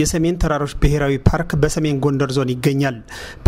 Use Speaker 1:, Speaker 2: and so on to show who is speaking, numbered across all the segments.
Speaker 1: የሰሜን ተራሮች ብሔራዊ ፓርክ በሰሜን ጎንደር ዞን ይገኛል።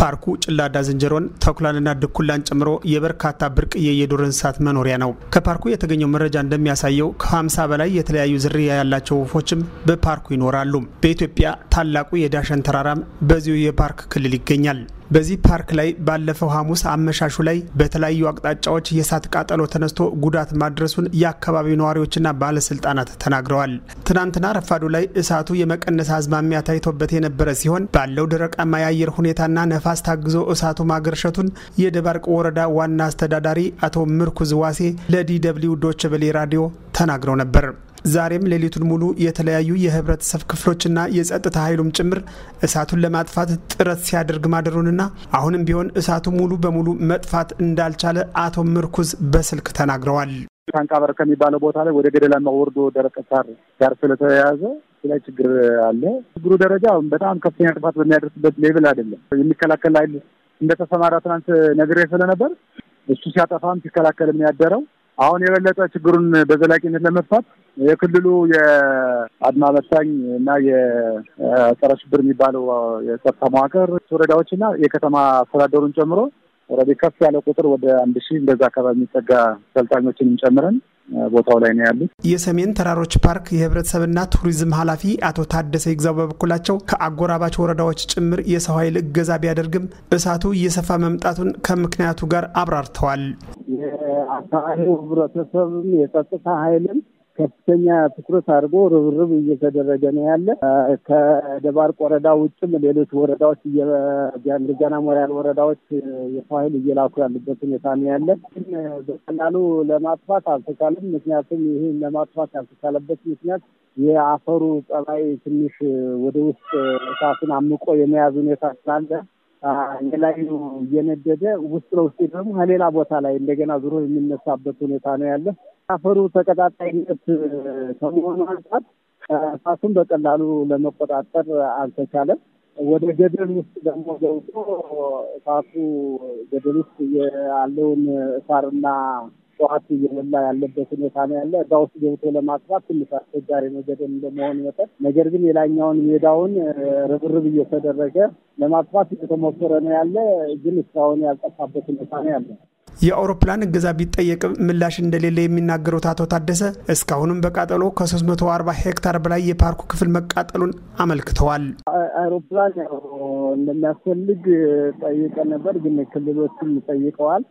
Speaker 1: ፓርኩ ጭላዳ ዝንጀሮን፣ ተኩላንና ድኩላን ጨምሮ የበርካታ ብርቅዬ የዱር እንስሳት መኖሪያ ነው። ከፓርኩ የተገኘው መረጃ እንደሚያሳየው ከ50 በላይ የተለያዩ ዝርያ ያላቸው ወፎችም በፓርኩ ይኖራሉ። በኢትዮጵያ ታላቁ የዳሸን ተራራም በዚሁ የፓርክ ክልል ይገኛል። በዚህ ፓርክ ላይ ባለፈው ሐሙስ አመሻሹ ላይ በተለያዩ አቅጣጫዎች የእሳት ቃጠሎ ተነስቶ ጉዳት ማድረሱን የአካባቢው ነዋሪዎችና ባለስልጣናት ተናግረዋል። ትናንትና ረፋዱ ላይ እሳቱ የመቀነስ አዝማሚያ ታይቶበት የነበረ ሲሆን ባለው ደረቃማ የአየር ሁኔታና ነፋስ ታግዞ እሳቱ ማገርሸቱን የደባርቅ ወረዳ ዋና አስተዳዳሪ አቶ ምርኩዝ ዋሴ ለዲ ደብልዩ ዶች ቬሌ ራዲዮ ተናግረው ነበር። ዛሬም ሌሊቱን ሙሉ የተለያዩ የህብረተሰብ ክፍሎችና የጸጥታ ኃይሉም ጭምር እሳቱን ለማጥፋት ጥረት ሲያደርግ ማደሩንና አሁንም ቢሆን እሳቱ ሙሉ በሙሉ መጥፋት እንዳልቻለ አቶ ምርኩዝ በስልክ ተናግረዋል።
Speaker 2: ታንቃበር ከሚባለው ቦታ ላይ ወደ ገደላማ ወርዶ ደረቀ ሳር ጋር ስለተያያዘ ላይ ችግር አለ። ችግሩ ደረጃ በጣም ከፍተኛ ጥፋት በሚያደርስበት ሌብል አይደለም። የሚከላከል ኃይል እንደተሰማራ ትናንት ነግሬ ስለነበር እሱ ሲያጠፋም ሲከላከልም ያደረው አሁን የበለጠ ችግሩን በዘላቂነት ለመፍታት የክልሉ የአድማ በታኝ እና የጸረ ሽብር የሚባለው የጸጥታ መዋቅር ወረዳዎችና የከተማ አስተዳደሩን ጨምሮ ወረዴ ከፍ ያለ ቁጥር ወደ አንድ ሺህ እንደዛ አካባቢ የሚጠጋ ሰልጣኞችንም ጨምረን ቦታው ላይ
Speaker 1: ነው ያሉት። የሰሜን ተራሮች ፓርክ የህብረተሰብና ቱሪዝም ኃላፊ አቶ ታደሰ ይግዛው በበኩላቸው ከአጎራባች ወረዳዎች ጭምር የሰው ኃይል እገዛ ቢያደርግም እሳቱ እየሰፋ መምጣቱን ከምክንያቱ ጋር አብራርተዋል።
Speaker 2: የአካባቢው ህብረተሰብም የጸጥታ ኃይልም ከፍተኛ ትኩረት አድርጎ ርብርብ እየተደረገ ነው ያለ። ከደባርቅ ወረዳ ውጭም ሌሎች ወረዳዎች እንደገና ሞሪያል ወረዳዎች የሰው ኃይል እየላኩ ያሉበት ሁኔታ ነው ያለ። ግን በቀላሉ ለማጥፋት አልተቻለም። ምክንያቱም ይህን ለማጥፋት ያልተቻለበት ምክንያት የአፈሩ ጸባይ ትንሽ ወደ ውስጥ እሳትን አምቆ የመያዝ ሁኔታ ስላለ የላዩ እየነደደ ውስጥ ለውስጥ ደግሞ ከሌላ ቦታ ላይ እንደገና ዙሮ የሚነሳበት ሁኔታ ነው ያለ። አፈሩ ተቀጣጣይነት ከመሆኑ አንጻር እሳቱን በቀላሉ ለመቆጣጠር አልተቻለም። ወደ ገደል ውስጥ ደግሞ ገብቶ እሳቱ ገደል ውስጥ ያለውን እሳርና ጠዋት እየበላ ያለበት ሁኔታ ነው ያለ። እዛ ውስጥ ገብቶ ለማጥፋት ትንሽ አስቸጋሪ ነገር እንደመሆኑ መጠን ነገር ግን የላኛውን ሜዳውን ርብርብ እየተደረገ ለማጥፋት እየተሞከረ ነው ያለ፣ ግን እስካሁን ያልጠፋበት ሁኔታ ነው ያለ።
Speaker 1: የአውሮፕላን እገዛ ቢጠየቅ ምላሽ እንደሌለ የሚናገሩት አቶ ታደሰ እስካሁንም በቃጠሎ ከ340 ሄክታር በላይ የፓርኩ ክፍል መቃጠሉን አመልክተዋል።
Speaker 2: አውሮፕላን እንደሚያስፈልግ ጠይቀን ነበር፣ ግን ክልሎችም ጠይቀዋል።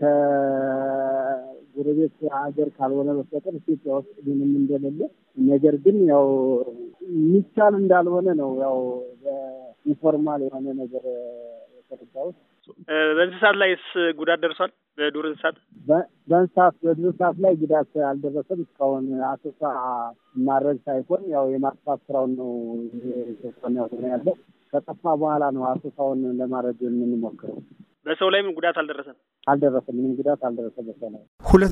Speaker 2: ከጎረቤት ሀገር ካልሆነ በስተቀር ኢትዮጵያ ውስጥ ምንም እንደሌለ፣ ነገር ግን ያው የሚቻል እንዳልሆነ ነው ያው ኢንፎርማል የሆነ ነገር የተረዳሁት።
Speaker 1: በእንስሳት ሰዓት ላይስ ጉዳት ደርሷል? በዱር እንስሳት
Speaker 2: በእንስሳት በዱር እንስሳት ላይ ጉዳት አልደረሰም። እስካሁን አሰሳ ማድረግ ሳይሆን ያው የማጥፋት ስራውን ነው ያለው። ከጠፋ በኋላ ነው አጥፋውን ለማድረግ የምንሞክረው።
Speaker 1: በሰው ላይ ምን ጉዳት አልደረሰም?
Speaker 2: አልደረሰ ምንም ጉዳት አልደረሰ። በሰው ላይ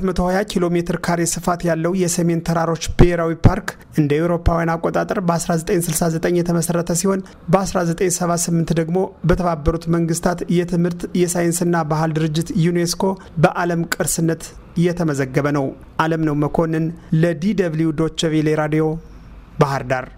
Speaker 1: 220 ኪሎ ሜትር ካሬ ስፋት ያለው የሰሜን ተራሮች ብሔራዊ ፓርክ እንደ ኤውሮፓውያን አቆጣጠር በ1969 የተመሰረተ ሲሆን በ1978 ደግሞ በተባበሩት መንግስታት የትምህርት የሳይንስና ባህል ድርጅት ዩኔስኮ በዓለም ቅርስነት እየተመዘገበ ነው። አለም ነው መኮንን ለዲ ደብልዩ ራዲዮ ባህር ዳር